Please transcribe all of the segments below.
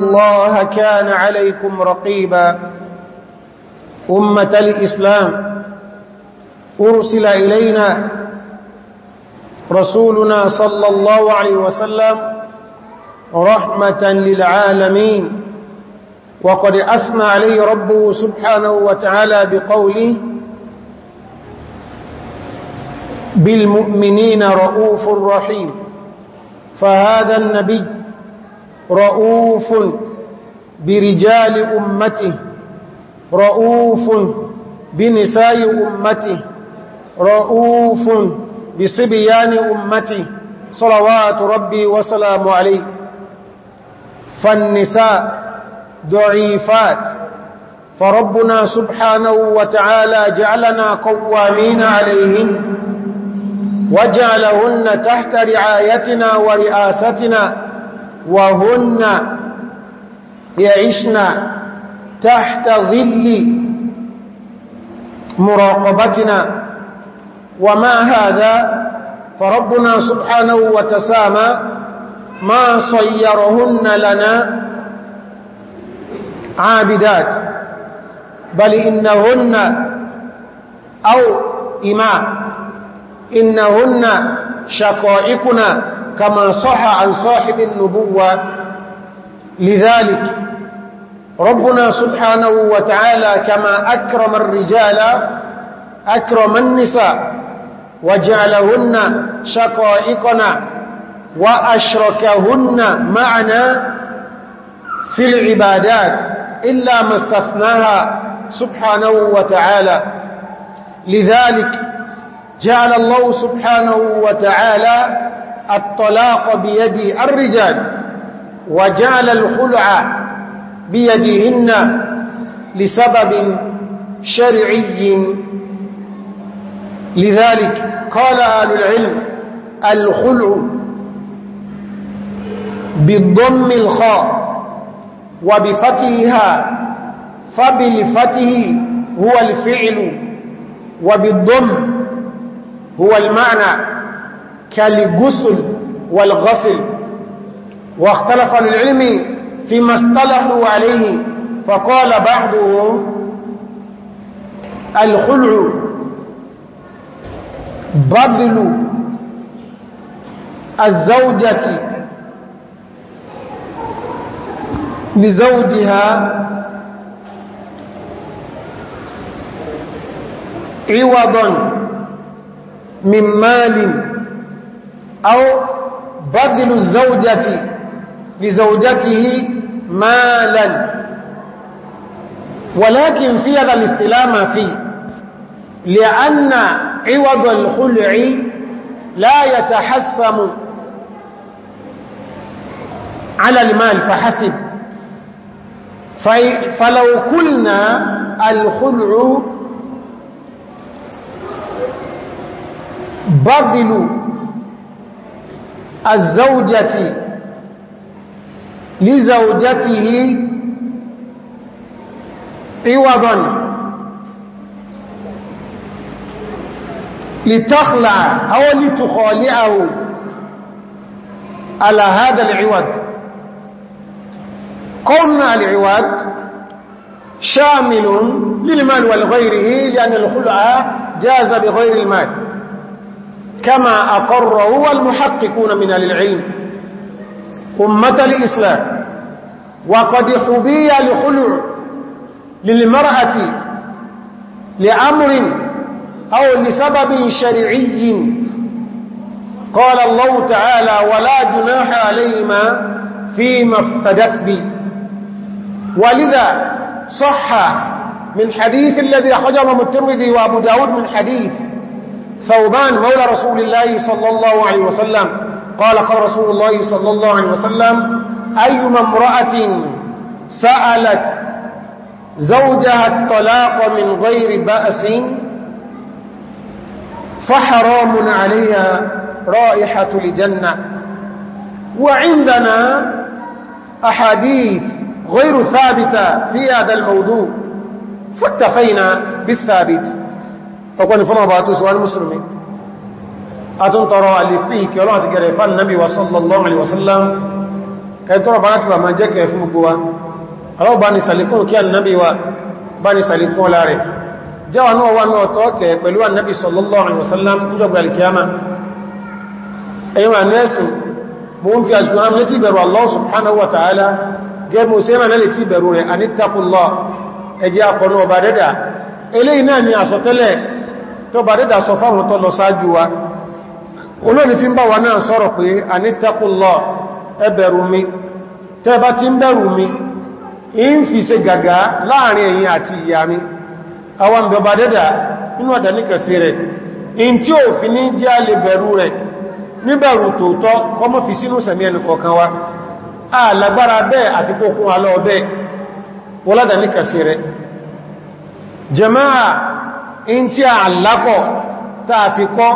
الله كان عليكم رقيبا أمة الإسلام أرسل إلينا رسولنا صلى الله عليه وسلم رحمة للعالمين وقد أثنى عليه ربه سبحانه وتعالى بقوله بالمؤمنين رؤوف رحيم فهذا النبي رؤوف برجال أمته رؤوف بنساء أمته رؤوف بصبيان أمته صلوات ربي وسلام عليه فالنساء ضعيفات فربنا سبحانه وتعالى جعلنا قوامين عليهن وجعلهن تحت رعايتنا ورئاستنا وهن يعشن تحت ظل مراقبتنا وما هذا فربنا سبحانه وتسامى ما صيرهن لنا عابدات بل إنهن أو إماء إنهن شقائقنا كما صح عن صاحب النبوة لذلك ربنا سبحانه وتعالى كما أكرم الرجال أكرم النساء وجعلهن شقائقنا وأشركهن معنا في العبادات إلا ما استثناها سبحانه وتعالى لذلك جعل الله سبحانه وتعالى الطلاق بيد الرجال وجعل الخلع بيدهن لسبب شرعي لذلك قال آل العلم الخلع بالضم الخاء وبفتحها فبالفته هو الفعل وبالضم هو المعنى كالغسل والغسل واختلف العلم فيما اصطلحوا عليه فقال بعضهم الخلع بذل الزوجة لزوجها عوضا من مال أو بذل الزوجة لزوجته مالا ولكن في هذا الاستلام فيه لأن عوض الخلع لا يتحسم على المال فحسب فلو قلنا الخلع بذل الزوجة لزوجته عوضا لتخلع أو لتخالعه على هذا العوض قولنا العوض شامل للمال والغيره لأن الخلعة جاز بغير المال كما أقر هو المحققون من العلم أمة الإسلام وقد حبي لخلع للمرأة لأمر أو لسبب شرعي قال الله تعالى ولا جناح عليهما فيما افتدت به ولذا صح من حديث الذي أخرجه الترمذي وأبو داود من حديث ثوبان مولى رسول الله صلى الله عليه وسلم قال قال رسول الله صلى الله عليه وسلم أيما امرأة سألت زوجها الطلاق من غير بأس فحرام عليها رائحة الجنة وعندنا أحاديث غير ثابتة في هذا الموضوع فاكتفينا بالثابت ọ̀pọ̀ ni fọ́nà ọba tó sọ wá ní mùsùlùmí atún tọrọ àlèkún ìkẹ́ ọlọ́run àti gẹ̀rẹ̀ fán nábi wasallallahu alaihi wasallam kẹtọrọ bá láti bà máa jẹ́ kẹ fún gbogbo wa aláwọ̀ bá ní sàlékún kí annabi wa bá ní sàlékún ọlá rẹ̀ jáwà náà wà náà tọ́ kẹ pẹ̀lú annabi sallallahu alaihi wasallam ní jọgbà alkiyama ẹ̀yìn wa nẹ́ẹ̀sì mo ń fi àṣùgbọ́n rám létí ìbẹ̀rù ẹjẹ́ akọ̀nà ọba dẹ́dà eléyìí náà ni àsọtẹ́lẹ̀ tó bá dédà sọ fáwọn tó lọ sáájú wa olóòrùn fi ń bá wa náà sọ̀rọ̀ pé a ní tẹ́kùnlọ ẹbẹ̀rù mi tẹ́bá ti ń bẹ̀rù mi in fi ṣe gàgá láàrin ẹ̀yin àti ìyá mi àwọn bẹ̀bà dédà inú àdáníkẹsí rẹ̀ in tí fi ní a lágbára bẹ́ẹ̀ àti kókún alọ́ bẹ́ẹ̀ wọ́ládàníkẹsí rẹ̀ in tí a alákọ̀ ta fi kọ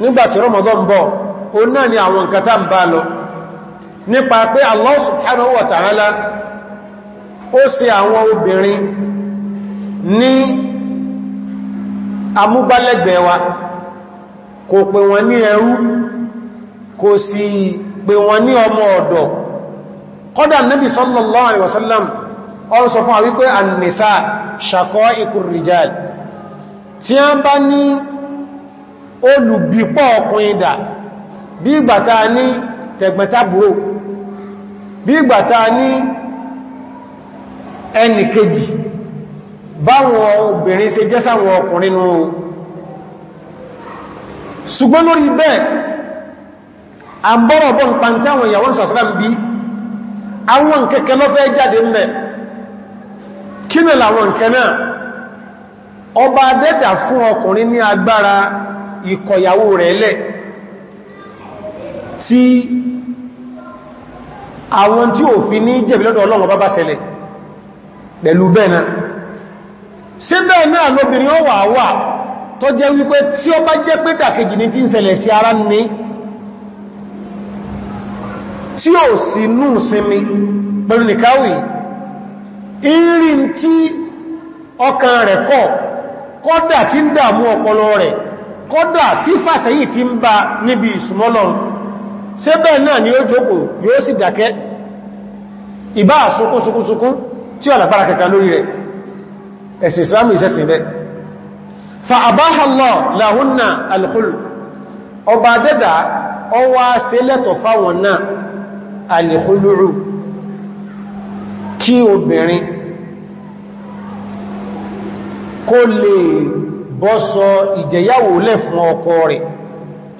nígbàtí Ramadan bọ̀ o náà ni àwọn nǹkan ń bá lọ nípa pé Allah subhanahu wa ta'ala ó ṣe àwọn obìnrin ní amúgbálẹ́gbẹ̀ẹ́ wa kò pè wọn ní ẹrú kò sì pè wọn ní ọmọ ọ̀dọ̀ kọ́dà Nabi sallallahu alaihi wasallam ó sọ fún wa wípé an-nisa shaqa'iqur rijal tí a ń bá ní olùbípọ̀ ọkùnrin dà bí ìgbàta ní tẹ̀gbẹ̀tàbúrò bí ìgbàta ní ẹnìkejì báwọn obìnrin ṣe jẹ́ sáwọn ọkùnrin nù ṣùgbọ́n lórí bẹ́ẹ̀ àbọ́rọ̀bọ́ ń pàntí àwọn ìyàwó sọ̀sọ́lá bí àwọn kẹ́kẹ́ lọ́fẹ́ jáde mẹ́ kí ni làwọn kẹ́ náà ọba adẹ́dà fún ọkùnrin ní agbára ìkọ̀yàwó rẹ̀ lẹ̀ tí àwọn tí ò fi ní jẹ̀bi lọ́dọ̀ ọlọ́run bá ṣẹlẹ̀ pẹ̀lú bẹ́ẹ̀ náà sí bẹ́ẹ̀ náà lóbìnrin ó wà wà tó jẹ́ wípé tí ó bá jẹ́ pé dàkejì ní tí ń ṣẹlẹ̀ sí ara ní tí ó sì nú sinmi pẹ̀lú nìkáwì ìrìn tí ọkàn rẹ̀ kọ̀ kọ́dà tí ń dàmú ọpọlọ rẹ̀ kọ́dà tí fàṣẹ́yì ti ń bá níbi ìsúnmọ́lọ ṣe bẹ́ẹ̀ náà ni ó jókòó yóò sì dákẹ́ ìbá sukúnsukúnsukún tí ọ̀làpára kẹta lórí rẹ̀ ẹ̀sìn islamu ìsẹ́sìn kí obìnrin kó lè bọ́sọ ìjẹyàwó lẹ̀ fún ọkọ rẹ̀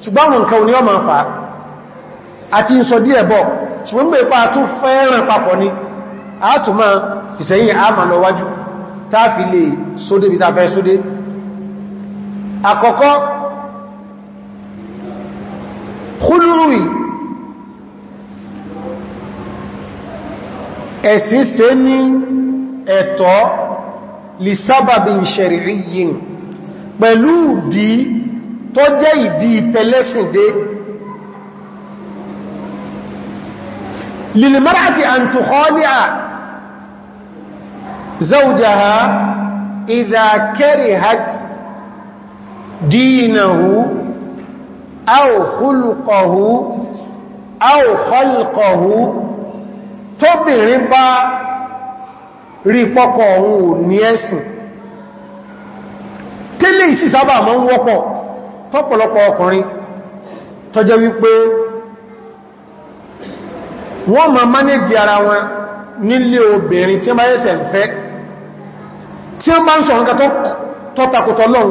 ṣùgbọ́n nǹkan ni ọ ma fa àti ń sọ díẹ̀ bọ̀ ṣùgbọ́n mẹ́ pa tó fẹ́ràn papọ̀ ni a tó máa fìsẹ̀yìn a ma lọ wájú táà fi lè sódé bí tafẹ́ sódé àkọ́kọ́ kúlúrùí ẹ̀sìn ṣe ní ẹ̀tọ́ لسبب شرعي pẹ̀lú ìdí tó jẹ́ ìdí ìtẹ̀lẹ́sìndé للمرأة أن تخادع زوجها إذا كرهت دينه أو خلقه أو خلقه tóbìnrin rí pọ́kọ̀ ohun ò ní ẹ̀sìn tẹ́lẹ̀ ìsì sábà máa ń wọ́pọ̀ tọ́pọ̀lọpọ̀ ọkùnrin tọ́jẹ́ wípé wọ́n ma mánéjì ara wọn nílé obìnrin tí ma yẹ́sẹ̀ fẹ́ tí wọ́n bá ń sọ nǹkan tọ́takòtọ́ lọ́n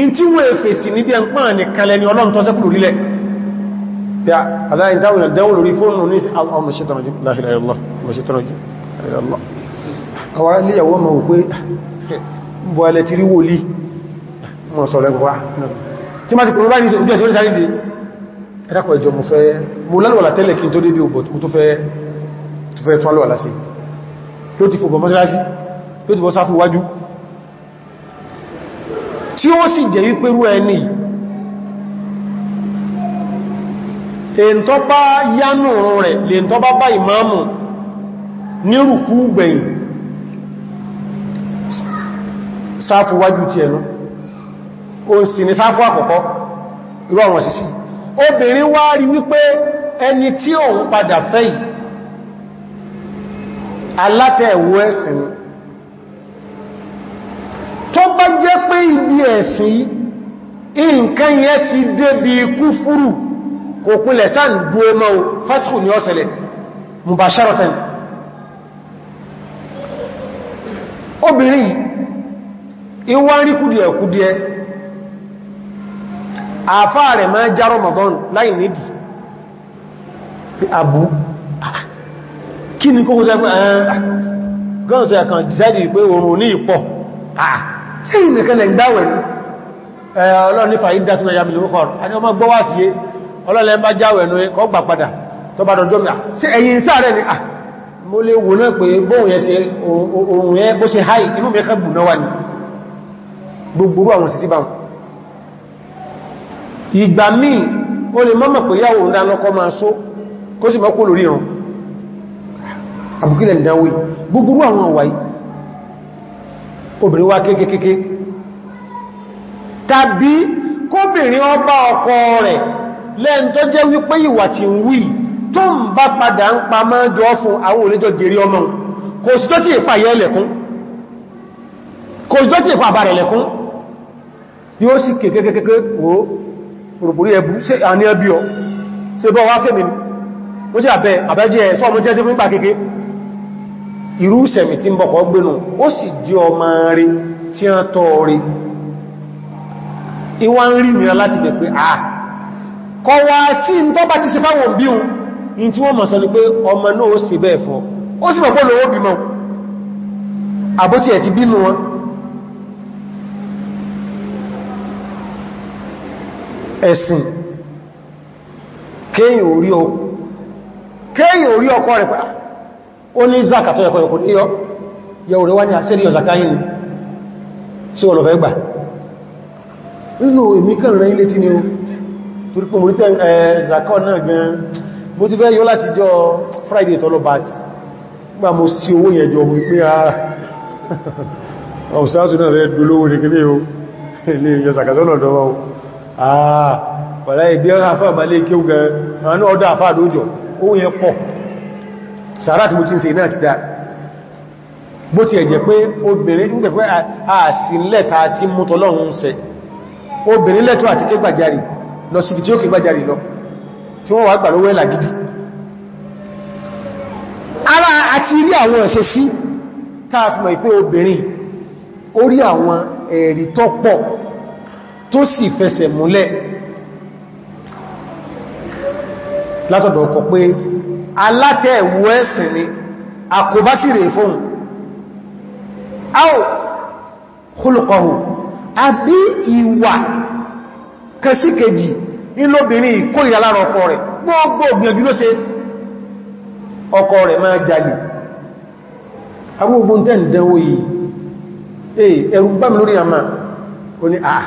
in tí wọ́n èfèsì níbi ẹ̀pán nìkan lẹ́ni ọlọ́run tọ́sẹ́ kúrò lílẹ̀ aláìdáwọn ìdáwọn lórí Allah àwọn iléyàwó ma wò pé bọ́ alẹ́ ti rí wòlí mọ̀ sọ̀rọ̀ ẹgbọ́ tí ma ti kò rọ́bá ní ojú ẹ̀sọ́rí sáré dé ẹ̀dàkọ̀ ìjọ mo fẹ́ mo lálùwàlà tẹ́lẹ̀ kí n tó débi òbò tó fẹ́ tún alùwàlà sí ló ti kò bọ̀ mọ́sílásí ló ti bọ́ gbẹ̀yìn sáàfù wájú ti ẹnu o sì ní sáàfù àkọ́kọ́ irú àwọn sísí obìnrin wá rí wípé ẹni tí òun padà fẹ́ yìí alátẹ̀ẹ̀wó ẹ̀sìn tó bá jẹ́ pé ibi ẹ̀sìn nǹkan yẹn ti débi kúfúrù kò kúnlẹ̀ obìnrin ìwá rí kúdíẹ̀ kúdíẹ̀ àfá rẹ̀ máa já Ramadan láì nídì àbú ah, kí ni kókó jẹ́ pé gọ́nsẹ̀ kan dìsáìdì pé oòrùn ní ìpọ̀ ah, eh, sí ìrìnkẹ́lẹ̀ ìgbáwẹ̀ ọlọ́nífà ìdátúnà yàmìlì rúkọ̀rọ̀ àti ọmọ gbọ́wà sí ọlọ́lẹ́ bá jáwẹ̀ ẹnu kọ́ gbà ah, ni ah mo lè wò náà pé bóhun yẹ sí ohun yẹ bó ṣe háì inú mẹ́kàgbù náà wà ní gbogbo àwọn sí síbáwọn ìgbà míì o lè mọ́mọ̀ pé yáwó ń dánlọ́kọ́ máa só kó sì mọ́kó lórí ìran àbúkílẹ̀ ìdánwé gbogbo àwọn àwáyé obìnrin wá kéékèèké tàbí kóbìnrin ọba ọkọ rẹ̀ lẹ́n tó jẹ́ wípé ìwà tí ń wí tó ń bá padà ń pa máa jọ fún àwọn olójọ́ jẹrí ọmọ kò sí tó tí ìpàyẹ́ lẹ̀kún kò sí tó tí ìpàbà rẹ̀ lẹ̀kún yóò sì kékékéké wo òrùbùrí ẹbú sí àní ẹbí ọ sí bọ́ wá fèmì ó jẹ́ àbẹ́ àbẹ́jẹ́ ẹ̀ sọ́ọ̀mọ́ jẹ́ sí fún ìgbà kéèké sẹ̀mì tí ń bọ̀kọ̀ gbénú ó sì di ọmọ rí tí a tọ́ rí ìwá ń rí mìíràn láti bẹ̀ pé àà ah, wá sí ń tọ́ bá ti fáwọn bí un in tí wọ́n mọ̀ sọ pé ọmọ náà ó sì bẹ́ẹ̀ fọ́ ó sì mọ̀ pọ́ àbótí ẹ̀ ti ẹ̀sìn kéyìn orí ọkọ rẹ̀ pẹ̀lá ah, ó ní zaka tó yẹkọ̀ yẹkọ̀ níyọ yẹ òrẹ́wà ní àṣírí ọ̀zàká yìí ni sí wọ́n lọ fẹ́ gbà nínú èmì kẹrìnrìn ilé tí ni ó torí pé morítẹ̀ ẹ̀ẹ́zàkọ́ náà gan bó ti fẹ́ yọ láti jọ Friday tọ́lọ bat gbà mo sí owó yẹn jọ wípé ara ọ̀sáàtù náà fẹ́ dolówó ní kílé o ilé ìyọ̀sàkàtọ́lọ̀dọ́wọ́ Ah, pẹ̀lá ìbí àfà malé kí ó gẹ ọ̀nà ọdọ́ àfà àdójọ ó yẹ pọ̀ sàárà tí mo ti ń ṣe náà ti dá bó ti ẹ̀jẹ̀ pé obìnrin ń gbẹ̀fẹ́ àṣìlẹ́ta tí mú tọ́lọ́run ṣe obìnrin lẹ́tọ́ àti ké gbàjarì lọ sí tí ó ké gbàjarì lọ tí wọ́n wà gbà lówó ẹ̀là gidi ara àti rí àwọn ẹ̀ṣẹ̀ sí káàfimọ̀ ìpé obìnrin orí àwọn ẹ̀rí tọ́pọ̀ tó sì fẹsẹ̀ múlẹ̀ látọ̀dọ̀ ọkọ̀ pé alátẹ̀ẹ̀wú ẹ̀sìn ni àkóbá sì rẹ̀ fóhun áò kúlùkọ̀hù àbí ìwà kẹsíkejì nílòbìnrin ìkórìyà lára ọkọ rẹ̀ gbogbo ògbìyànjú ló ṣe ọkọ rẹ̀ máa jalè agbógbó tẹ́ ìdánwò yìí eh, ẹ̀rù bá mi lórí àmà ó ní àà ah,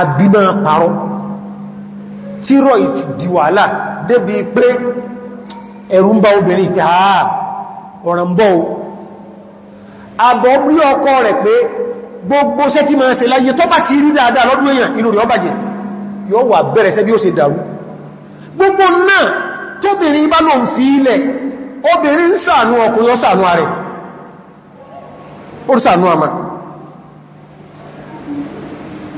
àbímọ̀ parọ́ tíró ìtì dìwàlá débi pé ẹ̀rù bá obìnrin o àbọ̀ ọkọ rẹ̀ gbogbo ṣẹ́ tí máa ṣe láyé tó bá ti rí dáadáa lọ́dún èèyàn inú rẹ̀ ọbàjẹ́ yóò wà bẹ̀rẹ̀ gbogbo náà tóbìnrin bá lọ ń fi ilẹ̀ obìnrin ń ọkùnrin ààrẹ ó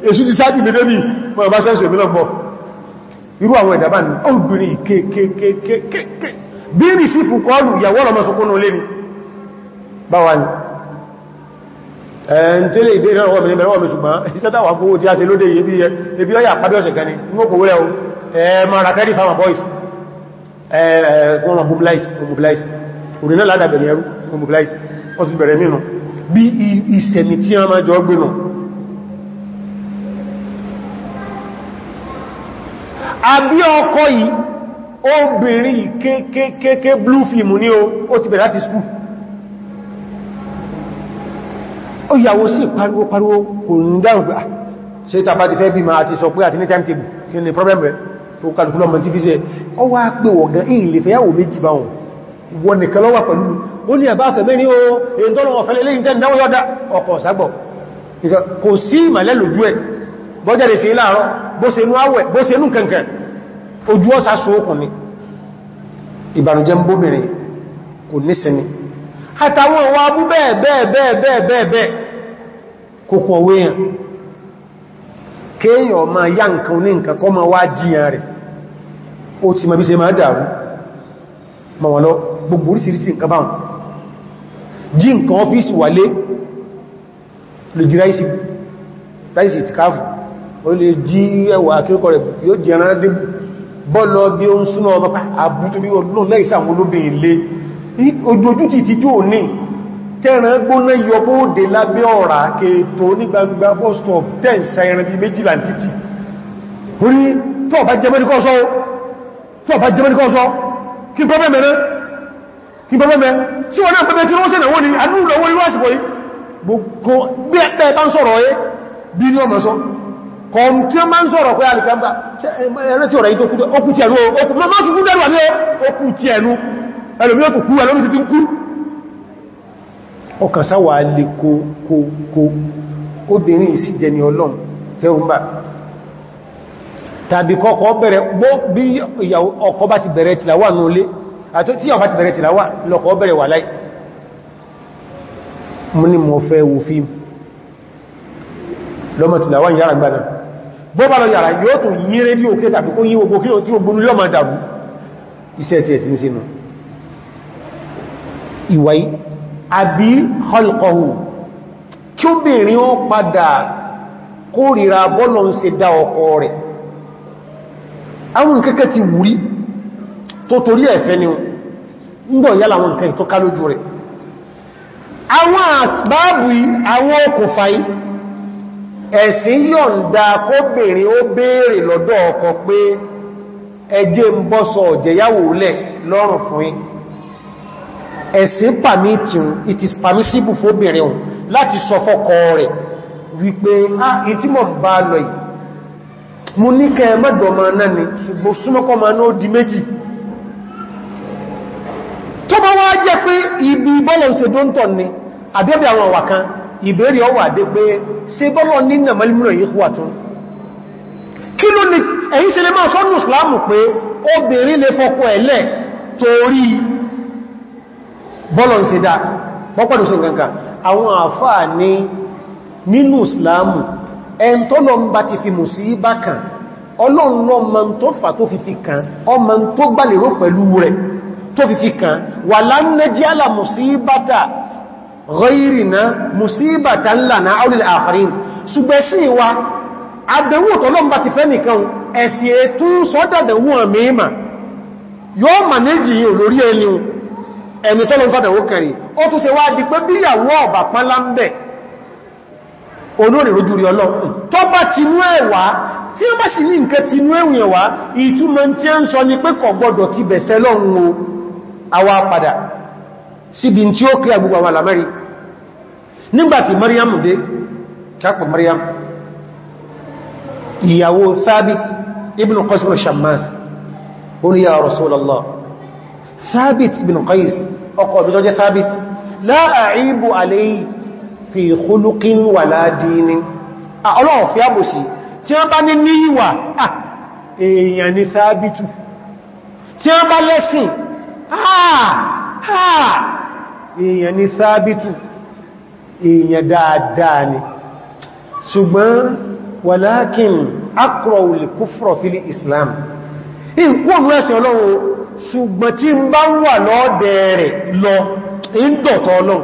èṣù ti sáájú mi débì mọ̀ bá sẹ́sù èmi lọ́pọ̀ irú àwọn ìdàbà ní obìnrin kéèkéèkéèkéè bí i sí fún kọlù ìyàwó ọmọ sọkúnnù lé ní báwa ni ẹn tẹ́lẹ̀ ìdé ìrànwọ́ mi mẹ́rọ mi ṣùgbọ́n ìsẹ́tàwà fówó tí a ṣe lóde ibi ọyà pàdé ọ̀sẹ̀ kan ni ní ó kò wúrẹ́ o ẹ̀ẹ̀mọ̀ ràtẹ́rì fáwọn boys ẹ̀ẹ̀kùnrin mobilize orí náà ládàbẹ̀rẹ̀ ẹrú mobilize ọdún bẹ̀rẹ̀ mìíràn bí ìsẹ̀mì tí wọ́n máa jọ gbénà àbí ọkọ̀ yìí obìnrin kéèkéé blue film ní o ó ti bẹ̀rẹ̀ láti school ó yàwó sí pariwo pariwo kò ní dáhùn gbà ṣe tàbá ti fẹ́ bí máa ti sọ pé àti ní timetable kí ni problem rẹ̀ ó ní ẹ̀bá àfẹ̀mẹ́ ní o èdọ́rọ̀ ọ̀fẹ́lẹ̀ lẹ́yìn tẹ́ ìdáwó yọ́dá ọkọ̀ ọ̀sàgbọ̀ kò sí ìmàlẹ́ lójú ẹ̀ bọ́jẹ̀lẹ̀ sí láàárọ̀ bó ṣe nú àwẹ̀ ojú ọ́sà sóókùn ni ọwọ́ abú ya ma gbogbo orísìírísìí nǹkan báwọn jí nǹkan ọ́fíìsì wálé lè jí ráìsì ìtìkáfù ó lè jí ẹwà akíkọ́ rẹ̀ yóò jẹ ẹran dé bọ́ọ̀lọ́ bí ó ń súnà ọmọ pá àbútó bí ọdún lẹ́ìsà àwọn olóbìnrin lé ojojú ti ti tí ò ní tẹ́ran gbóná yọbóòdè lábẹ́ ọ̀rà kètò ní gbangba bọ́stọ̀ tẹ́ǹsà ẹran bí méjìlá títì orí tọ́ọ̀bá jẹ́ mẹ́ríkọ́ sọ́ kí pọ́bẹ̀ mẹ́rin kí bọ́ mẹ́mẹ́ tí wọ́n náà pẹ́mẹ́ tí wọ́n sẹ́nà wọ́n ni adúlọ́wọ́ irú àsìkò yìí gbogbo bí ẹ̀pẹ́ bá ń sọ̀rọ̀ ẹ́ bí ní ọmọ sọ kọm tí ó máa ń sọ̀rọ̀ pé alìkàmbá ẹ̀rẹ́ tí ọ̀rẹ́ yìí tó kú tí ẹ̀nu okú tí ẹ̀nu ẹlòmí ó tó kú ẹlòmí ti ti ń kú ọkàn sáwà lè kó kó kó obìnrin ìsìjẹni ọlọ́run tẹ́rùmbà tàbí kọ́kọ́ bẹ̀rẹ̀ bí ọkọ bá ti bẹ̀rẹ̀ tìlàwà náà lé àti tí ọ̀fà ti bẹ̀rẹ̀ tìláwà lọ́kọ̀ bẹ̀rẹ̀ wà láì mú ní mọ̀ fẹ́ wo fíìmù lọ́mọ̀ tìláwà yára gbádà bọ́bá lọ yàrá yóò tún yí rédíò kí tàbí kó yí gbogbo kí o tí ó gbónú lọ́mọ̀ dàbú iṣẹ́ ti ń sinú ìwàí àbí halqahu kí obìnrin ó padà kórìíra bọ́lọ̀ ń ṣe dá ọkọ rẹ̀ àwọn kẹ́kẹ́ ti wùrí tó torí ẹ̀fẹ́ ni ń bọ̀ yálà wọn nǹkan tó ká lójú rẹ̀ àwọn àsìbáàbù àwọn okùnfà ẹ̀sìn yọ̀ǹda kóbìnrin ó bèèrè lọ́dọ̀ ọkọ pé ẹjẹ́ ń bọ́ sọ ọ̀jẹ̀yàwó lẹ̀ lọ́rùn fún ẹ̀sìn pàmítìun it is permissible fóbìnrin ohun láti sọ fọ́kọ rẹ̀ wípé ìtí ah, mọ̀ bá lọ yìí ma náà ni ṣùgbọ́n súnmọ́kọ́ ma náà di méjì tó bá wá jẹ́ pé ibi bọ́lọ̀ ṣe tó ń tọ̀ ni àbẹ́bẹ̀ àwọn ọ̀wà kan ìbéèrè ọwà dé pé ṣe bọ́lọ̀ ní nàmàlìmìnà yìí wà tún kí ló ní ẹ̀yìn ṣe lè máa sọ́nù islamu pé obìnrin lè fọkọ ẹ̀lẹ̀ torí bọ́lọ̀ ṣe dá pọ́pọ̀dù sí nǹkan àwọn àfáà ní nínú islamu ẹn tó lọ bá ti fi mù sí bákan ọlọ́run lọ tó fà tó fi fi kan ọmọ tó gbàlérò pẹ̀lú rẹ̀ tó fi fi kàn wà lánàájí àlà musíbàtà ghayrina musíbàtà ńlá na áwùlẹ̀ àfàrin ṣùgbẹ́ sí wa àdánwò tọ́lọ́mbà ti fẹ́ nìkan ẹ̀sì ètú sọ́dàdànwò àmìíma yóò manéjì yìí olórí ẹni ẹni tọ́lọ́mbàdànwò kẹrì ó tún ṣe wá di pé bíyàwó ọ̀bà pánlámbẹ̀ olórí rojú rí ọlọ́fún tó bá tinú ẹ̀wà tí ó bá sì ní nǹkan tinú ẹ̀wà ìtumọ̀ tí ó ń sọ ni pé gbọdọ̀ ti bẹ̀sẹ̀ lọ́run o awá padà síbi tí ó kílẹ̀ gbogbo àwọn alamẹ́rí nígbàtí Maryam dé kápọ̀ Maryam ìyàwó Thabit ibn Qais ibn Shammas oní ya Rasulallah Thabit ibn Qais ọkọ bí lọ́jẹ́ Thabit la a'ibu alayhi fi khuluqin wala dinin ọlọ́run fi àbòsí tí wọ́n bá ní níyíwà èèyàn ni Thabitu tí wọ́n bá lẹ́sìn èèyàn ni sábìtù dáadáa ni ṣùgbọ́n wàlákin akọ̀wòlì kúfrọ̀ fílì islam ìkúrò ẹ̀sẹ̀ ọlọ́run ṣùgbọ́n tí ń bá wà lọ́ọ̀dẹ̀ lọ ń dọ̀tọ̀ ọlọ́run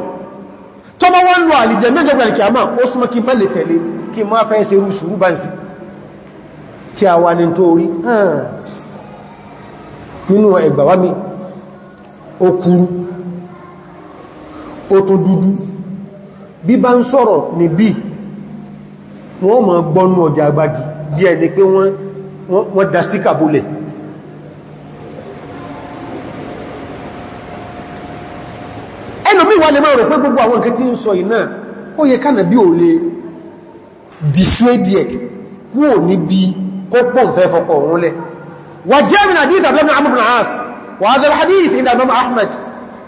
tó bá wọ́n lọ a bá okuru otu dudu tó dúdú bí bá ń sọ̀rọ̀ ní bí wọ́n ma gbọ́nú ọjà agbági bí ẹni pé wọ́n dá stíkà bólẹ̀ pé gbogbo àwọn nǹkan tí ń sọ ìná ó yẹ kánà bí ò lè n'i bi kúrò níbi kó pọ̀ ń fẹ́ fọkọ̀ òun وهذا الحديث عند امام احمد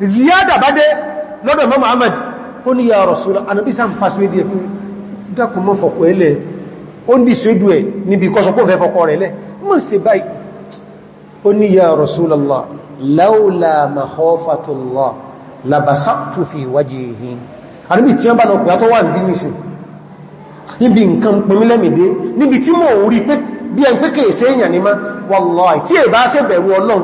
زياده بده لو امام احمد قل يا رسول انا بي سام persuade dákun mo foko ele o ndi sedu e ni bi ko so ko fe foko re le mo se báyìí ó ní ya rasul allah laula makhafatullah labasaqtu fi wajhihi ani tí en bá lọ pé tó wà ní nisin níbi nǹkan pẹ̀mílẹ́mìdé níbi tí mo rí pé bí ẹn pé kèèsè èèyàn ní má wallahi tí è bá ṣe ọlọ́run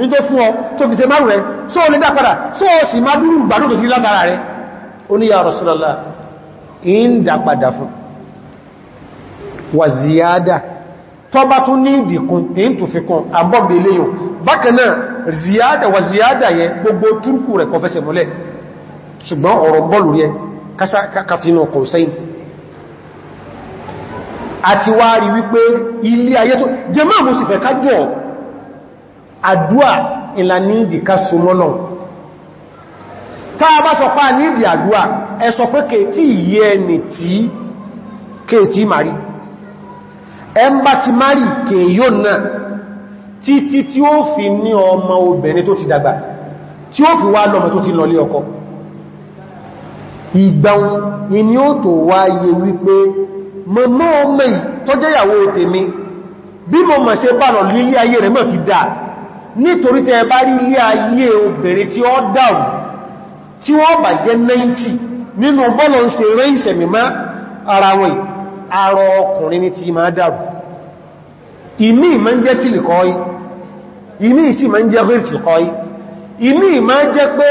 ní tó fún ọ tó fi ṣe márùn rẹ̀ só o lè dá padà só o sì máa búrú ìgbàdó tó fi lágbára rẹ̀ ó ní ya Rasulullah in dá padà fún wà ziyada tó bá tún ní ìdìkún in tó fi kún àbọ́bẹ̀ iléyàn bákanáà ziyada wà ziyada yẹ gbogbo túrkù rẹ̀ kò fẹsẹ̀ múlẹ̀ ṣùgbọ́n ọ̀rọ̀ ń bọ́ lórí ẹ káfínà kọ̀ọ̀sẹ́yìn àti máa mú sì fẹ́ kájọ́ àdúà ìlà ní ìdíká súnmọ́nà táa bá sọ pá ní ìdí àdúà ẹ sọ pé kètí yí ẹni tí kètí mari ẹn bá ti mari kèyó náà títí tí ó fi ní ọmọ obìnrin tó ti dàgbà tí ó fi wá lọ́mọ tó ti lọlé ọkọ ìgbàun ni ó tó wáyé wípé mọ́mọ́ ọmọ ìtọ́jẹ́yàwó tèmi bí mo mọ̀ sí bá lọ lílé ayé rẹ̀ mọ̀ fi dáa nítorí tẹ́ bá rí ilé ayé obìnrin tí ó dáwù tí wọ́n bà jẹ́ 90 nínú bọ́lọ̀ ń ṣe rẹ́ ìsẹ̀mìmá ara wọn àrọ ọkùnrin ní ti máa dáwù ìmí ma ń jẹ́ tìlìkọ́í ìmí sì ma ń jẹ́ rìtìlìkọ́í ìmí ma ń jẹ́ pé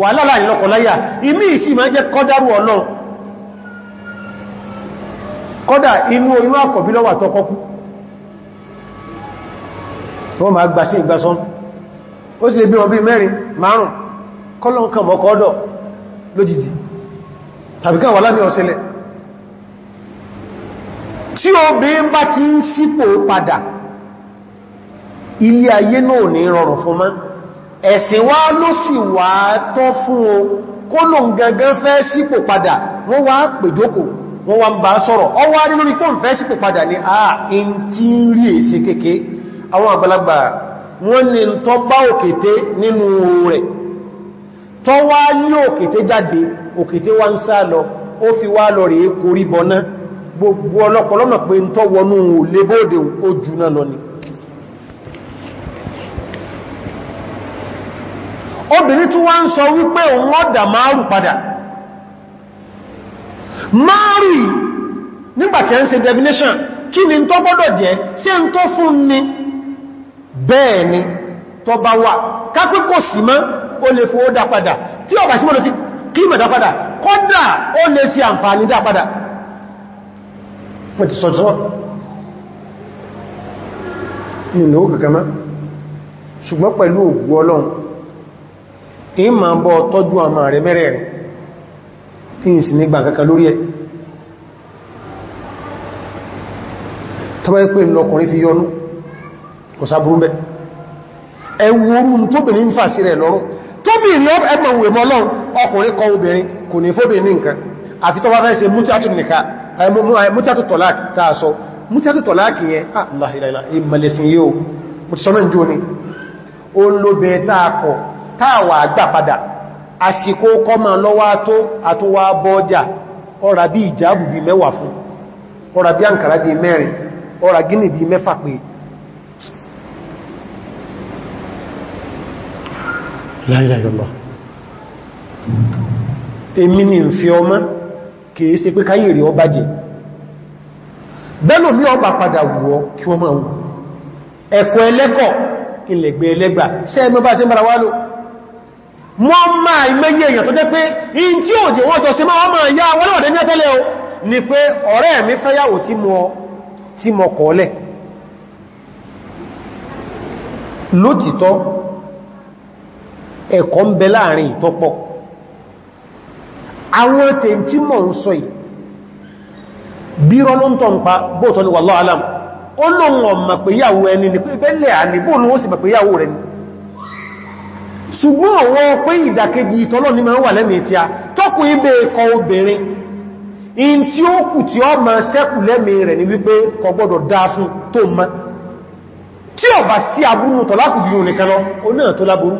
wà láàrín lọ́kọ̀láyà tí wọ́n máa gbà sí ìgbàsán ó sì lè bí wọn bí mẹ́rin márùn kọ́lọ̀ kan mọ́kọ́ọ́dọ̀ lójijì tàbí kan wà lábí ọ̀sẹ̀lẹ̀ tí obìnrin bá ti ń sípò padà ilé ayé náà ní rọrùn fún má ẹ̀sìn wá ló sì wà tọ́ fún o kọ́lọ̀ gangan fẹ́ sípò padà wọ́n wá pèjókò wọ́n wá ń bá sọ̀rọ̀ ọwá rí lórí pọ́n fẹ́ sípò padà ní àà ah, in tí ń rí èsì kéèkéé àwọn àgbàlagbà wọ́n ni tọ́ bá òkété nínú rẹ̀ tọ́ wá ní òkété jáde òkété wá ń sá lọ ó fi wá lọ rèé korí bọ́ná gbogbo ọlọ́pọ̀lọ́nà pé ń tọ́ wọnú lébóòdè ojú náà lọ ni obìnrin tún wá ń sọ wípé òun ọ̀dà padà bẹ́ẹ̀ ni tó bá wà kápẹ́ kò sí mọ́ ó lè fowó dá padà tí ọ̀bà sí mọ́lò fi kíìmọ̀ dá padà kọ́dà ó lè sí àǹfààní dá padà pẹ̀tì sọ̀tọ́ nínú ó kàkàmá ṣùgbọ́n pẹ̀lú ògùn ọlọ́run in ma bọ́ tọ́jú àmà rẹ̀ mẹ́rẹ̀ rẹ̀ kí n sì ní gbà kankan lórí ẹ̀ tọ́bá ipé lọkùnrin fi yọnú kò sáburú mẹ́ ẹwọ́rún tóbìnrin ń fà sí rẹ̀ lọ́rún tóbìnrin lọ́pọ̀ ẹgbọ̀n ìwé mọ́ lọ́rún ọkùnrin kọ obìnrin kò ní fóbìnrin nǹkan fẹ́ ah, ti ni ọ̀rà bí ìjáàbù bí mẹ́wàá fún ọ̀rà bí àǹkàrà bí mẹ́rin ọ̀rà gínì bí mẹ́fà pé láìláìlọ́lọ́ èmi ni ń fi ọmọ kìí se pé káyè rí ọba jẹ bẹ́lò ní ọba padà wọ́ kí wọ́n máa wù ẹ̀kọ́ ẹlẹ́kọ̀ ilẹ̀gbẹ̀ ẹlẹ́gbà ṣe ẹmọ bá ṣe mara wá lò wọ́n máa ìmẹ́yẹ èèyàn tó pé in tí jẹ́ wọ́n ẹ̀kọ́ ń bẹ láàrin ìtọ́pọ̀ àwọn tẹ̀ntí mọ̀ ń sọ yìí bí rọ́lọ́ntọ̀ ń pa bóòtọ́ ni wallahu alam ó lóhun ọmọ ni pé bẹ́lẹ̀ àníbò ní ó sì pèyàwó ni ṣùgbọ́n àwọn pé ìdàkejì ìtọ́lọ́ ní ma ń wà lẹ́mì tí a tọ́kù ibẹ̀ ẹ̀kọ́ ni wípé kò gbọ́dọ̀ dáa fún tó ma tí ó bá sí abúrú tọ́lákùnrin nìkan lọ tó láburú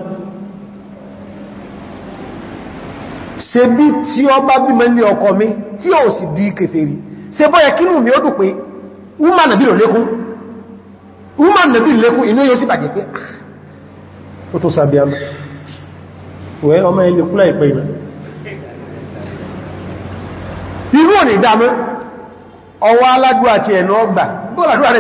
ṣe bí tí ọ bá bí mẹ́lẹ̀ ọkọ mi tí ó sì di kèfèrí ṣe bọ́ yẹ kínú mi ó dùn pé woman nàbí lò lékún woman nàbí lékún inú yóò sì bàjẹ́ pé ah, ó tó sàbíàmù wẹ́ ọmọ ilé kúlá ìpẹ́ ìmẹ́ irú ò ní dámẹ́ ọwọ́ aládù àti ẹ̀nà ọgbà bọ́ọ̀làdúwà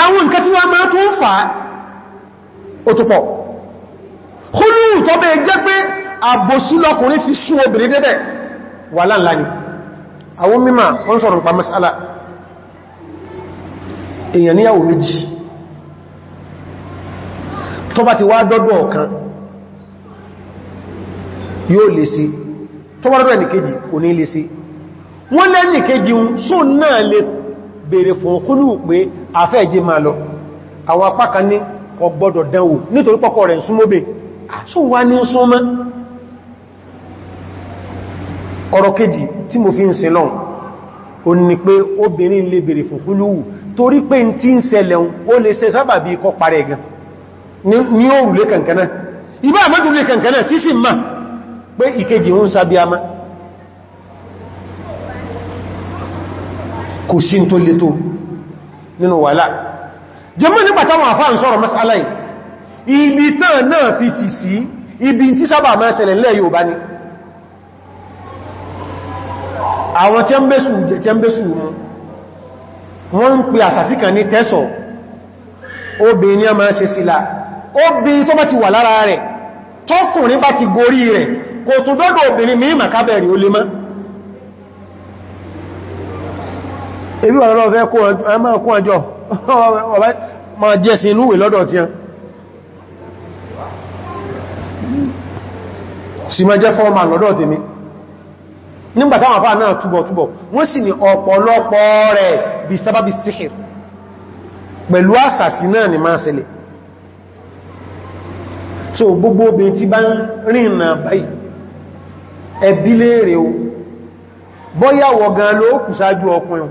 àwọn nǹkan tí wọ́n máa tó ń fàá ó tó pọ̀ kúlù tó bẹ jẹ́ pé àbòsí lọkùnrin fi sún obìnrin débẹ̀ wà láńlá ni àwọn mímọ̀ wọ́n sọ̀rọ̀ nípa masala èèyàn níyàwó méjì tó bá ti wá dọ́dọ̀ ọ̀kan yóò lè sí tó bá dọ́dọ̀ ẹnìkejì kò ní lè sí wọ́n lẹ́nìkejì sún kò gbọ́dọ̀ dánwò nítorí pọ́kọ rẹ̀ súnmọ́bẹ̀ àṣò wá ní súnmọ́ ọ̀rọ̀ kejì tí mo fi ń sin náà o ní pé obìnrin lè bèèrè fún húlúwù torí pé n tí ń ṣẹlẹ̀ o lè ṣe sábàbí kó parẹ́ gan ní òrùlé nínú wàhálà jẹmọ́ nígbàtà wọn àfáà ń sọ́rọ̀ masalai ibi tán náà fi ti sí ibi tí sábà máa ṣẹlẹ̀ lẹ́ yóò bá ní àwọn tẹ́mbésù tẹ́mbésù mú wọ́n ń pè àsàsí kan ní tẹ́sọ̀ obìnrin a máa ṣe sílá obìnrin tó bá ti wà lára rẹ̀ tọ́kùnrin obìnrin mí màkábẹ̀rẹ̀ ó lè ma jẹ́ sí inú ìlọ́dọ̀ tí ẹn sì ma jẹ́ fọ́ọ̀mà lọ́dọ̀ tèmi nígbàtá àwọn àfáà náà túbọ̀ túbọ̀ wọ́n sì ní ọ̀pọ̀lọpọ̀ rẹ̀ bí sábábí síhìr pẹ̀lú àsàsì náà ni máa ṣẹlẹ̀ so gbogbo obìnrin tí bá ń rìn náà báyìí ẹbí léèrè o bọ́yàwó gan ló kù ọkùnrin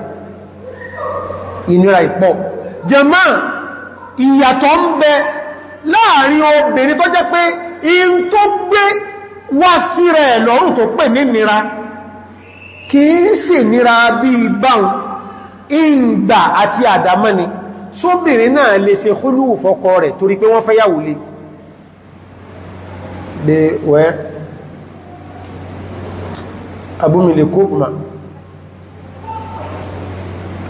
ìnira ìpọ̀ jẹmọ́ ìyàtọ̀ ń bẹ láàrin obìnrin tó jẹ́ pé in tó gbé wá sí rẹ̀ lọ́rùn tó pè ní nira kìí sì nira bí báhùn ìgbà àti àdámọ́ni sóbìnrin náà lè ṣe kúlù fọ́kọ rẹ̀ torí pé wọ́n fẹ́ yàwó lé abúmìlẹ̀ kóòpùmá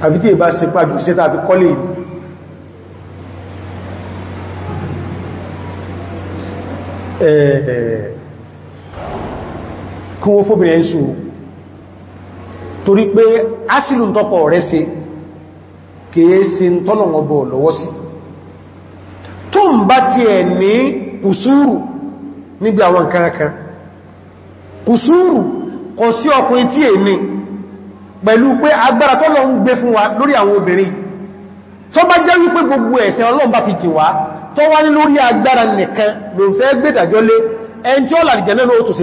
àbí tí ìbá se pàjú sí tàbí kọ́lé ìlú kí wọ́n fóbìnrin ṣù torí pé asìlù tọ́kọ̀ rẹ̀ ṣe kìí ṣe ń tọ́lọ̀ ọgbọ̀ lọ́wọ́ sí tó ń bá ti ẹ̀ ní kùsúrù níbi àwọn kankan kùsúrù kọ̀ sí ọkùnrin tí èmi pẹ̀lú pé agbára tó lọ ń gbé fún wa lórí àwọn obìnrin tó bá gbogbo ẹ̀sẹ̀ ọlọ́run bá fi tì wá tó wá ní lórí agbára nìkan ló fẹ́ gbẹ́dàjọ́ lé ẹn tí ó làrìjẹ̀ lẹ́nu ó tó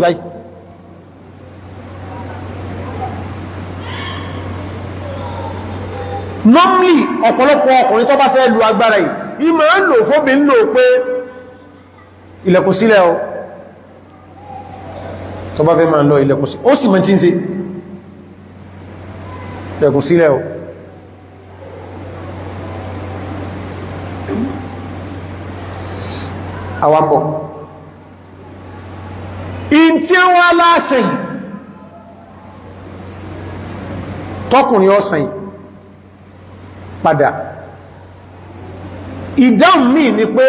tẹ̀kùn sílẹ̀ o àwapọ̀ in tí wọ́n aláṣẹ́ yìí tọkùnrin ọ̀sán yìí padà ìdáhùn mi ni pé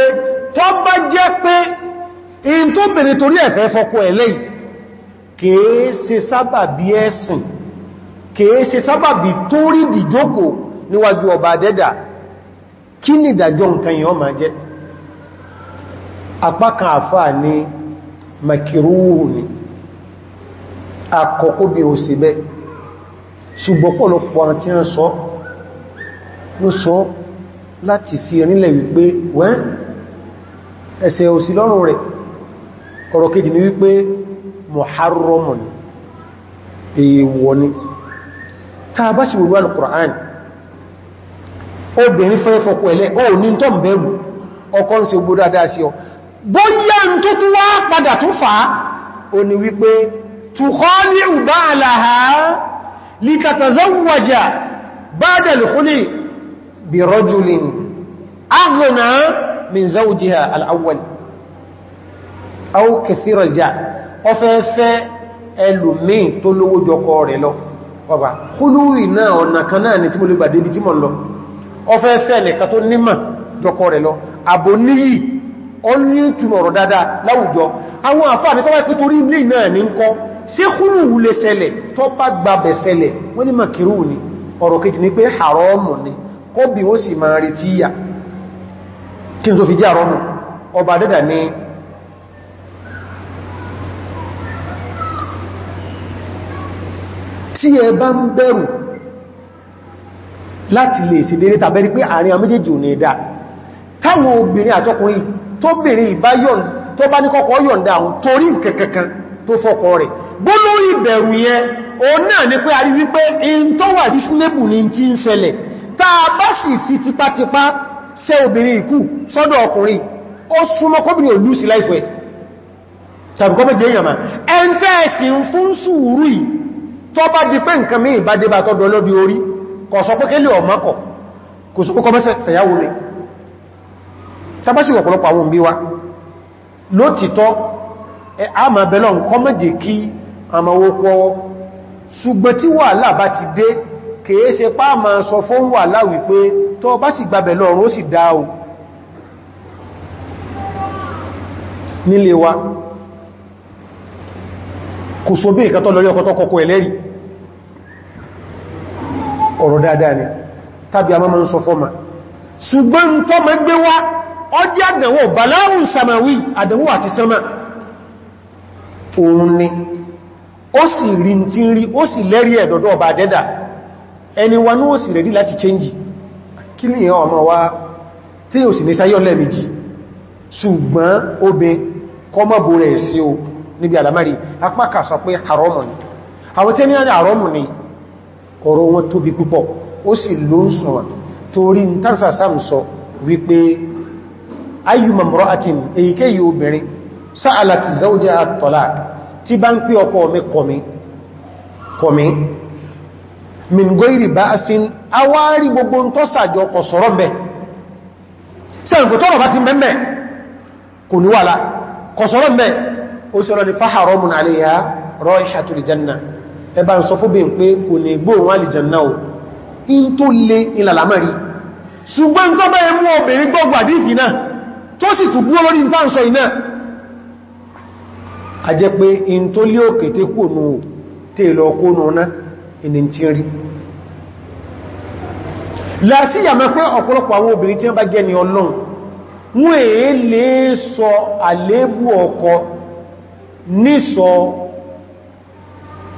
tó bá jẹ́ pé in tó bèèrè torí ẹ̀fẹ́ fọ́kọ́ ẹ̀lẹ́yìí kìí ṣe sábàbí ẹ̀sìn kèé ṣe sábàbí tó rí dìjókò níwájú ọba dẹ́dà kí ni ìdàjọ́ nǹkan yìí máa jẹ́ apákan àfà ní makirúhù ni àkọ́kọ́ bí o sì bẹ́ ṣùgbọ́n pọ̀lọpọ̀ àti ń sọ ló sọ láti fi rinlẹ̀ wípé wẹ́n ẹsẹ̀ òsì lọ́rùn rẹ̀ ọ̀rọ̀ ni wípé muharramun èèwọ̀ ni ta bá ṣe wùrú al-Qur'an obìnrin fẹ́ fọ́kù ẹ̀lẹ́ o ní tó ń bẹ̀rù ọkọ́ ń ṣe ogbó dáadáa sí ọ bóyá ń tó tún wá padà tún fà á o ni wípé tukhani ba'laha likatazawwaja ba'da al-khuli bi rajulin aghna min tó lówó jọkọ rẹ̀ lọ ọba kúlúwì náà ọ̀nà kan náà ni tí mo lè gbàdé ibi tí mọ̀ lọ ọfẹ́ fẹ́ nìkan tó nímọ̀ jọkọ rẹ̀ lọ àbò níyì ó ní túnmọ̀rọ̀ dáadáa láwùjọ àwọn àfáà ní tọ́wà pé torí ilé náà ní ń kọ́ sí kúlúwù ni ọ̀rọ̀ kejì ní pé haramu ni kó bí ni tí ẹ bá ń bẹ̀rù láti lè ṣe déédéé tàbí pé àárín àméjèjì ò ní ẹ̀dá táwọn obìnrin àtọkùnrin tó bèèrè ìbáyọ̀n tó bá ní kọkọ yọ̀ǹda àwọn torí nkẹ̀kẹ̀kan tó fọ́kọ rẹ̀ gbólórí ìbẹ̀rù yẹn o náà ni pé a rí wípé in tó wà dísúnlébù a fi tipa fún sùúrù tó bá di pé nǹkan mí ìbá débà tọ́dọ̀ lọ́bí orí kò sọ pé kélé ọmọkọ̀ kò sọ pé kọ́ mẹ́sẹ̀ sẹ̀yàwó mi sábásí ọ̀pọ̀lọpọ̀ àwọn òbí wa lótìtọ́ àmà bẹ̀lọ́n kọ́mẹ́dẹ̀ kí àmàwòpọ̀ ṣùgbọ́n tí wàhálà bá ti dé kèé ṣe pá ma sọ fún wàhálà wípé tó kò sọ bí ìkàtọ́ lórí ọkọ̀tọ́kọ̀kọ̀ ẹlẹ́rìí ọ̀rọ̀ dáadáa ni tàbí a máa sọ fọ́mà ṣùgbọ́n tó mẹ́ gbé wá ọdí àdánwò bàláàrùn samawi àdánwò àti sama òun ni ó sì rí tí rí ó sì lẹ́rí ẹ̀dọ̀dọ̀ ọba dẹ́dà ẹni wa ní ó sì rẹ̀ láti chẹ́njì kí ní tí ní ọ̀rọ̀ wọn tóbi púpọ̀ ó sì ló ń sọ̀wọ̀n torí ń tàbí sáàmù sọ wípé ayyuma imra'atin èyíkéyìí obìnrin sa'alat zawjaha at-talaq tí bá ń pé ọkọ mi kọ̀mí kọ̀mí min goyri ba'sin awárí gbogbo tó sàjọ ọkọ̀ sọ̀rọ̀ mẹ́ sẹ́rùn ẹba ń sọ fóbi pé kò ní gbóòrùn alìjẹ̀nà ò in tó lè ìlàlámẹ́rí ṣùgbọ́n tó bẹ́ẹ̀ mú obìnrin gbogbo àdífì náà tó sì tù dúró lórí ìta ń sọ iná a jẹ́ pé in tó lé òkè tí kò nù tí èlò ọkónù ọ̀nà ìní tí rí lásíyàmẹ́ pé ọ̀pọ̀lọpọ̀ àwọn obìnrin tí wọ́n bá jẹ́ ni ọlọ́run wọ́n èé lè sọ àléébù ọkọ nísọ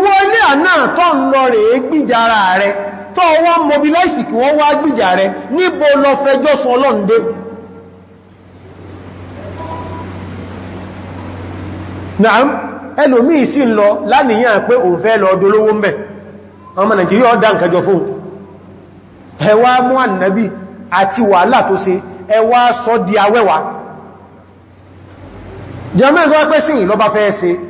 ìwọ ilé àná tó ń lọ rẹ̀ gbìjára rẹ̀ tó wọ́n mobilize kí wọ́n wá gbìjà rẹ̀ níbo lọ fẹjọ́ sọ lọ́ndé na ẹlòmí sí lọ láníyàn pé òun fẹ́ lọ dolówó mẹ́ ọmọ Nàìjíríà ọdá nkẹjọ fún ẹwà mú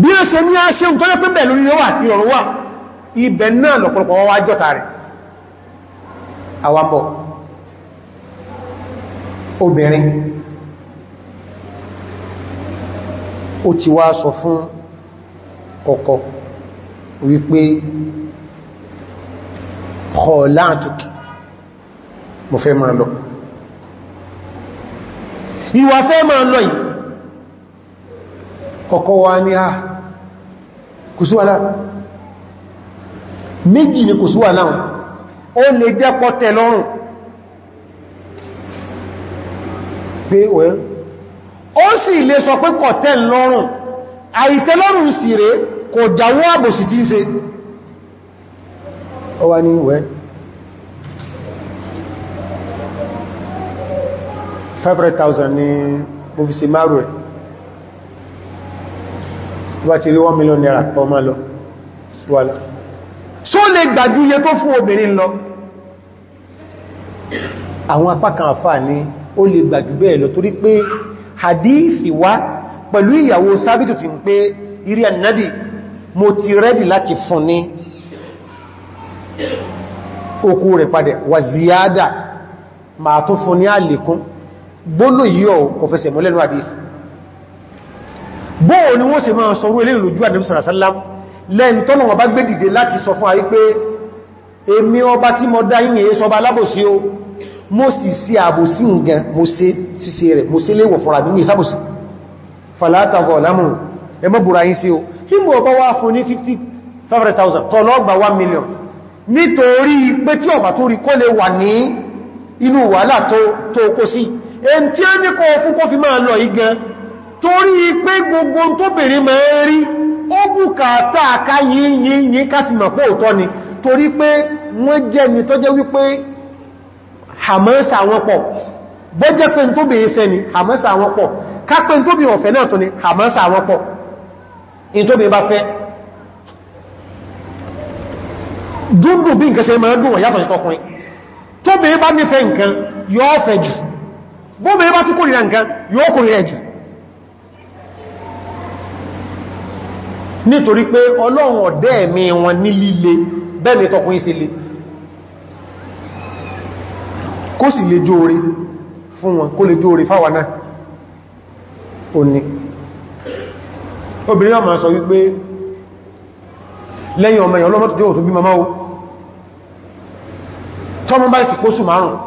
bí ó ṣe ní a ṣe tó yẹ́ pé bẹ̀ lórí wà ní ọ̀rọ̀ wà ibẹ̀ náà lọ̀pọ̀lọpọ̀ wọ́n wá jọta rẹ̀ àwàmọ̀ obìnrin ó ti wá sọ fún ọkọ wípé ọ̀láàtùkì mo fẹ́ máa lọ ìwà fẹ́ máa lọ yìí ọkọ wa ní àà ah, kò sí wà náà méjì ni kò sí wà náà ó lè jẹ́ pọ́tẹ lọ́rùn pé wẹ́ ó sì lè sọ pé kọ̀tẹ́ lọ́rùn àìtẹ́lọ́rùn sì rẹ̀ kò jàwọ́ àbòsì tí ń ṣe ó ní wẹ́ 500,000 ni mo fi ṣe márùn-ún bá ti rí 1 million naira pọ̀ máa lọ wàlá só lè gbàjú iye tó fún obìnrin lọ àwọn apákan àfà ní ó lè gbàjú bẹ́ẹ̀ lọ torí pé hadithi wá pẹ̀lú ìyàwó sábìtù ti ń pé irí ànádì mo ti rẹ́dì láti fún ní okú rẹ̀ padẹ̀ wà ziyada ma tó fún ní àlékún gbónú yíò kò fẹsẹ̀ mọ́lẹ́nu àdífì bóò ni wọ́n sì máa sọ̀rọ̀ ilé ìlú jùwà nìbìsàrà sálám lẹ́n tọ́nà ọba gbé dìde láti sọ fún ayé pé èmi ọba tí mo dá yìnyìn sọba alábòsí o mo sì sí àbòsí nǹkan mo sí ṣíṣe rẹ̀ mo sí léwọ̀ fọ́ra nínú ìsábòsí falátàgọ̀ lámù ẹmọ́ bùra yín sí o hímbò ọba wá fún ní million nítorí pé tí ọba tó rí kó lè wà ní inú wàhálà tó kó torí pé gbogbo tó bèèrè mẹ́ rí ó bùkátà ká yínyìn kásìmọ̀ pé òtọ́ ni torí pé wọ́n jẹ́ ni tó jẹ́ wípé hamasa wọn pọ̀ bọ́jẹ́ pé tó bèèrè sẹ́ ni hamasa wọn pọ̀ kápẹ́ tó bí ọ̀fẹ́ náà tó ni hamasa wọn pọ̀ in tó bèèrè bá fẹ́ dúndùn bí nǹkan ṣe máa dùn wọ̀ yàtọ̀ ìkọkùnrin tó bèèrè bá nífẹ́ nǹkan yóò fẹ́ jù bó bèèrè bá tún kórìíra nǹkan yóò kórìíra jù nítorí pé ọlọ́run ọ̀dẹ́ ẹ̀mí wọn ní líle bẹ́ẹ̀mí tọkùnrin sí le kó sì lè jóore fún wọn kó lè jóore fáwa náà ò ní obìnrin náà sọ wípé lẹ́yìn ọmọ ìyàn lọ́mọ́tò jẹ́ òtò bí mamá o tọ́mọ́ bá ti pósù márùn-ún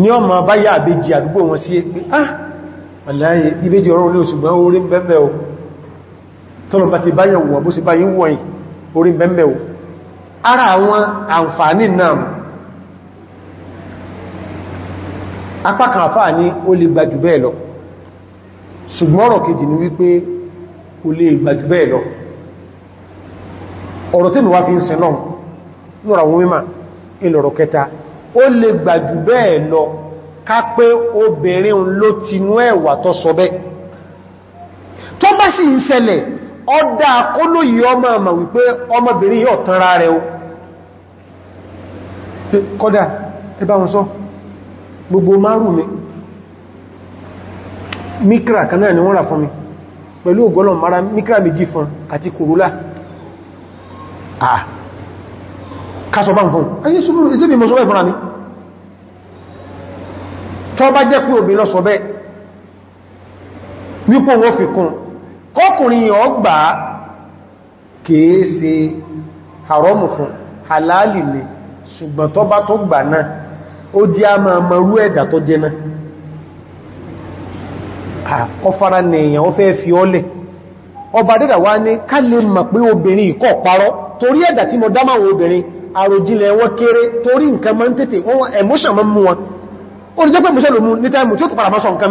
ni ọmọ bá yà àbejì àdúgbò wọn sí pé ah aláyé ibejì ọ̀rọ̀ olóòṣùgbọ́n orí bẹ́ẹ̀bẹ̀ o tọ́lọ̀ bá ti báyẹ̀ wọ̀ bó sì bá yín wọ̀nyí orí bẹ́m̀bẹ̀ ara àwọn àǹfààní náà apákan àfáà ní ó lè gbajù bẹ́ẹ̀ lọ ṣùgbọ́n ọ̀rọ̀ kejì ni wípé ó lè gbajù bẹ́ẹ̀ lọ ọ̀rọ̀ tí wá fi ń sin náà lọ́rọ̀ àwọn mímọ̀ tó bá sì ń ṣẹlẹ̀ ọdá akólóyí ọmọ àmà wípé ọmọbìnrin yóò tanra rẹ̀ o kọ́dá ẹbá wọn sọ gbogbo márùn mi mikra kan náà ni wọ́n rà fún mi pẹ̀lú ògọ́lọ̀ mara mikra méjì fún àti kòrólà ah kásọ bá ń fún ayé súnmù ìsẹ́bì mọ́ sọ́bẹ̀ fúnra mi tọ́ bá jẹ́ pé obìnrin wọ́n fi kún kọkùnrin ọgbà kìí ṣe haramu fún halali ni ṣùgbọ́n tó bá tó gbà náà ó di a máa marú ẹ̀dà tó jẹ náà nìyàn ó fẹ́ fi ọlẹ̀ ọba dẹ́dà wá ní ká lè mọ̀ pé obìnrin ìkọ̀ parọ́ torí ẹ̀dà tí mo obìnrin àròjìnlẹ̀ wọ́n kéré torí nǹkan ń tètè wọ́n emotion mú wọn ó rí jẹ́ pé emotion ní sọ nǹkan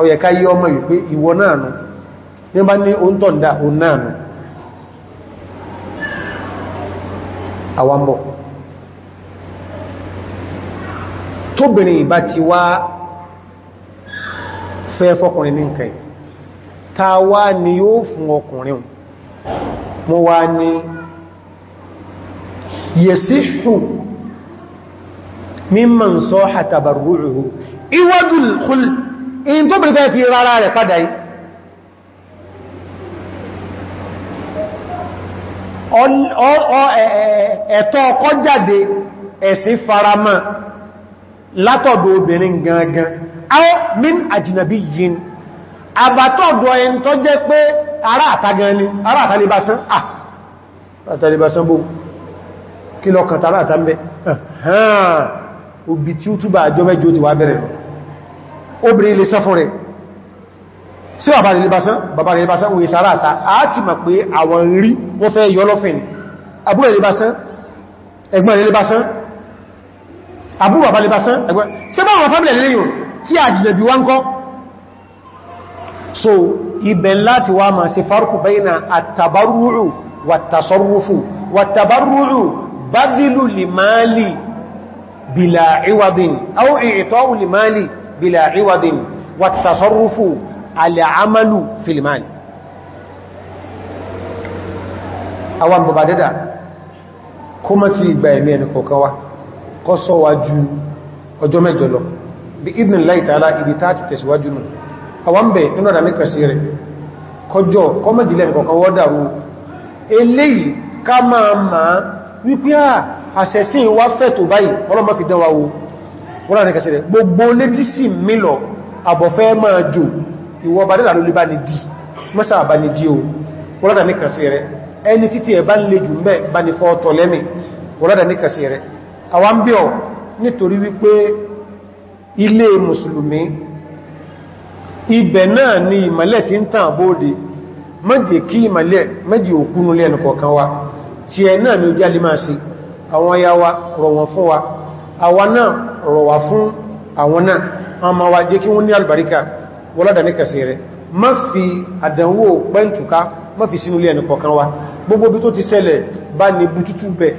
ọ̀yẹ̀ká yí ọmọ yìí pé ìwọ náà nù ní bá ní oúntọ̀ ǹdá òun náà nù àwambọ̀ tóbìnrin ìbá ti wá fẹ́ fọ́kùnrin ní nǹkan ta wá ni yóò fún ọkùnrin mú wá ní yẹ̀síhù mímọ̀ sọ́hà tàbàrúrù ìwádùl khulq in tó bèèrè fẹ́ fi rárá rẹ̀ padà yìí ẹ̀tọ́ ọkọ́ jáde ẹ̀sìn farama látọ̀dọ̀ obìnrin gangan aw min àjìnàbí yìí àbátọ̀dọ̀ ẹni tó jẹ́ pé ará àtagan ni ará àtalibasán ah àtalibasán bó kí lọ kàtàrà àtàmbẹ̀ ọ̀hán obi tí ó túbà àjọ́mẹ́jọ́ ti wà bẹ̀rẹ̀ rẹ̀ obìnrin lè sán fún rẹ̀ sí bàbá rẹ̀ lébásán bàbá rẹ̀ lébásán wòye sára àta àti mà pé àwọn rí wọ́n fẹ́ yọ lọ́fẹ́ ni àbúrò rẹ̀ lébásán ẹ̀gbọ́n rẹ̀ so ibẹ̀ láti wá máa ṣe farku bayna àtàbárúrù wàtàsọ́rúfù wàtàbárúrù bádìlù lè máàlì bìlà ìwàdìn au ìrìtọ́ lè بلا عوض والتصرف العمل في المال àwọn bọ̀bà dẹ́dà kó mọ́ ti ìgbà ẹ̀mí ẹni kọ̀ọ̀kan wá kọ́ sọ wá ju ọjọ́ mẹ́jọ lọ bí ìdìn láìtàlá ibi tá ti tẹ̀síwájú nù àwọn bẹ̀ nínú ọ̀dà mẹ́kà sí rẹ̀ kọjọ́ kọ́ mẹ́jìlẹ̀ kọ̀ọ̀kan wọ́ dàrú eléyìí ká máa máa wípé à wá fẹ́ tó báyìí ọlọ́mọ́ fi dánwà wọ́n ní kẹsẹ̀rẹ̀ gbogbo létísì mílọ̀ àbọ̀fẹ́ máa jò ìwọ bá dẹ́là ló lè bá ní dì mọ́sà bá ní dì o wọ́n ní kẹsẹ̀rẹ̀ ẹni títí ẹ̀ bá ń lè jù mẹ́ bá ní fọ́ọ̀tọ̀ lẹ́mì àwọn ni ìmọ̀lẹ̀ tí ń tàn bóòdì mọ́jì kí ìmọ̀lẹ̀ mẹ́jì òkúnú ni ó jálé máa sí ya wa rọ̀ fún wa àwa náà rọ̀wà fún àwọn náà ọmọ wa jẹ́ kí wọ́n ní albarika wọ́lọ́dà ní kẹsì rẹ̀ má fi àdánwò pẹ́ntùká má fi sínú ilé ẹni kọ̀kan wa gbogbo bí tó ti ṣẹlẹ̀ bá ní bútútù bẹ̀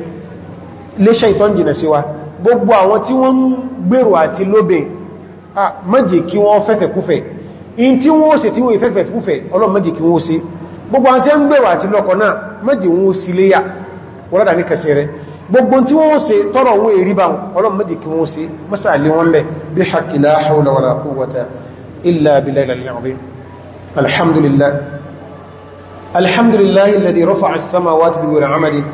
léṣẹ́ ìtọ́n jìnà sí wa gbogbo àwọn tí wọ́n gbèrò àti lóbe má jẹ́ kí wọ́n fẹ́fẹ́ kúfẹ́ in tí wọ́n ṣe tí wọ́n ìfẹ́fẹ́ gbogbo tí wọ́n ṣe tọ́rọ wọn èrí bá ọlọ́run mẹ́dì kí wọ́n ṣe mọ́sàlẹ̀ wọn bẹ̀ bí haqqi la hawla wala quwwata illa billahi al-azim alhamdulillah alhamdulillah alladhi rafa'a as-samawati bighayri 'amadin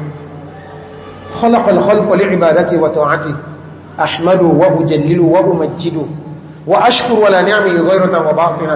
khalaqa al-khalqa li'ibadatihi wa